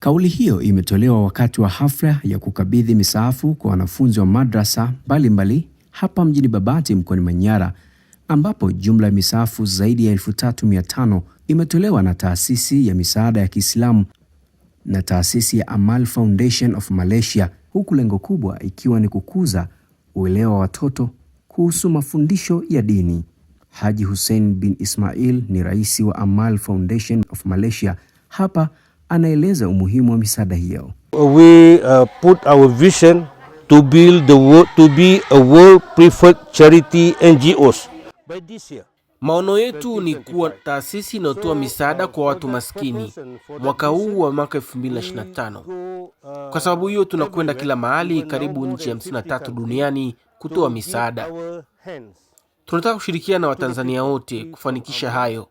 Kauli hiyo imetolewa wakati wa hafla ya kukabidhi misaafu kwa wanafunzi wa madrasa mbalimbali hapa mjini Babati mkoani Manyara, ambapo jumla ya misaafu zaidi ya 3500 imetolewa na taasisi ya misaada ya Kiislamu na taasisi ya Amal Foundation of Malaysia, huku lengo kubwa ikiwa ni kukuza uelewa wa watoto kuhusu mafundisho ya dini. Haji Hussein bin Ismail ni rais wa Amal Foundation of Malaysia hapa anaeleza umuhimu wa misaada hiyo. We uh, put our vision to build the world, to be a world preferred charity NGOs by this year. Maono yetu ni kuwa taasisi inayotoa misaada kwa watu maskini mwaka huu wa mwaka 2025. Kwa sababu hiyo tunakwenda kila mahali, karibu nchi 53 duniani kutoa misaada. Tunataka kushirikiana na Watanzania wote kufanikisha hayo.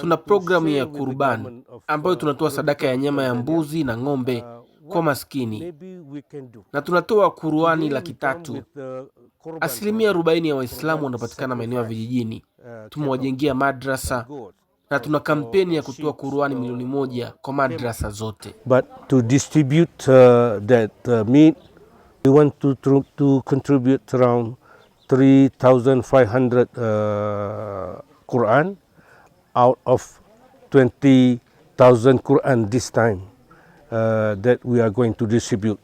Tuna programu ya Kurban ambayo tunatoa uh, sadaka ya nyama ya mbuzi na ng'ombe uh, kwa maskini na tunatoa kuruani laki tatu. Asilimia arobaini ya Waislamu wanapatikana maeneo ya vijijini. Uh, tumewajengia madrasa na tuna kampeni ya kutoa kuruani milioni moja kwa madrasa zote. But to distribute uh, that uh, meat we want to, to, to contribute around 3500 uh, Quran out of 20,000 Quran this time uh, that we are going to distribute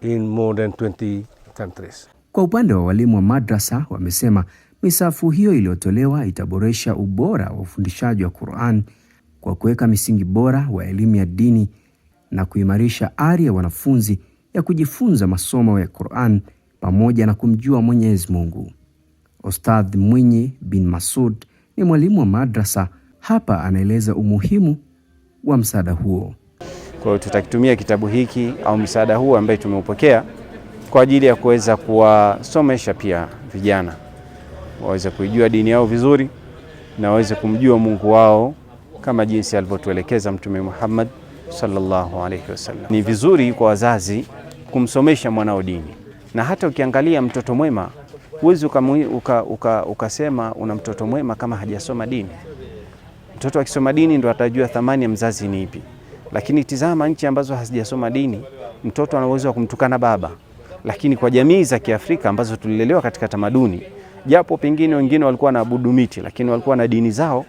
in more than 20 countries. Kwa upande wa walimu wa madrasa wamesema misafu hiyo iliyotolewa itaboresha ubora wa ufundishaji wa Quran kwa kuweka misingi bora wa elimu ya dini na kuimarisha ari ya wanafunzi ya kujifunza masomo ya Quran pamoja na kumjua Mwenyezi Mungu. Ustadh Mwinyi bin Masud ni mwalimu wa madrasa. Hapa anaeleza umuhimu wa msaada huo. Kwa hiyo tutakitumia kitabu hiki au msaada huu ambaye tumeupokea kwa ajili ya kuweza kuwasomesha pia vijana waweze kuijua dini yao vizuri na waweze kumjua Mungu wao kama jinsi alivyotuelekeza Mtume Muhammad sallallahu alaihi wasallam. Ni vizuri kwa wazazi kumsomesha mwanao dini, na hata ukiangalia mtoto mwema Huwezi uka, uka, ukasema una mtoto mwema kama hajasoma dini. Mtoto akisoma dini ndo atajua thamani ya mzazi ni ipi. Lakini tizama nchi ambazo hazijasoma dini, mtoto ana uwezo wa kumtukana baba. Lakini kwa jamii za Kiafrika ambazo tulilelewa katika tamaduni, japo pengine wengine walikuwa na abudu miti, lakini walikuwa na dini zao,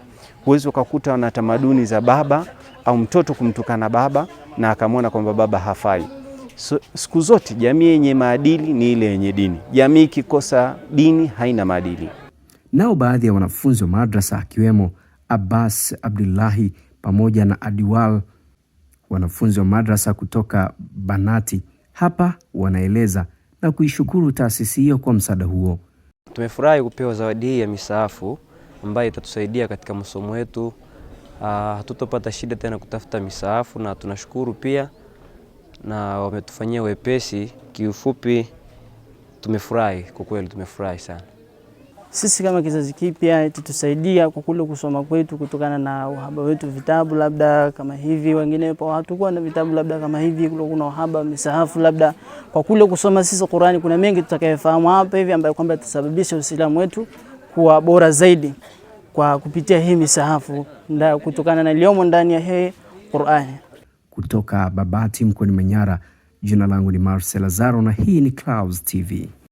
huwezi ukakuta na tamaduni za baba au mtoto kumtukana baba na akamwona kwamba baba hafai. So, siku zote jamii yenye maadili ni ile yenye dini. Jamii ikikosa dini haina maadili. Nao baadhi ya wanafunzi wa madrasa akiwemo Abbas Abdullahi pamoja na Adiwal, wanafunzi wa madrasa kutoka Banati, hapa wanaeleza na kuishukuru taasisi hiyo kwa msaada huo. Tumefurahi kupewa zawadi hii ya misaafu ambayo itatusaidia katika masomo yetu. Ah, hatutopata shida tena kutafuta misaafu na tunashukuru pia na wametufanyia wepesi. Kiufupi tumefurahi kwa kweli, tumefurahi sana. Sisi kama kizazi kipya itatusaidia kwa kule kusoma kwetu, kutokana na uhaba wetu vitabu, labda kama hivi. Wengine hatukuwa na vitabu, labda kama hivi, kule kuna uhaba misahafu, labda kwa kule kusoma sisi Qur'ani, kuna mengi tutakayefahamu hapa hivi, ambayo kwamba itasababisha Uislamu wetu kuwa bora zaidi kwa kupitia hii misahafu, kutokana na iliyomo ndani ya hii Qur'ani kutoka Babati mkoani Manyara. Jina langu ni Marcel Lazaro na hii ni Clouds TV.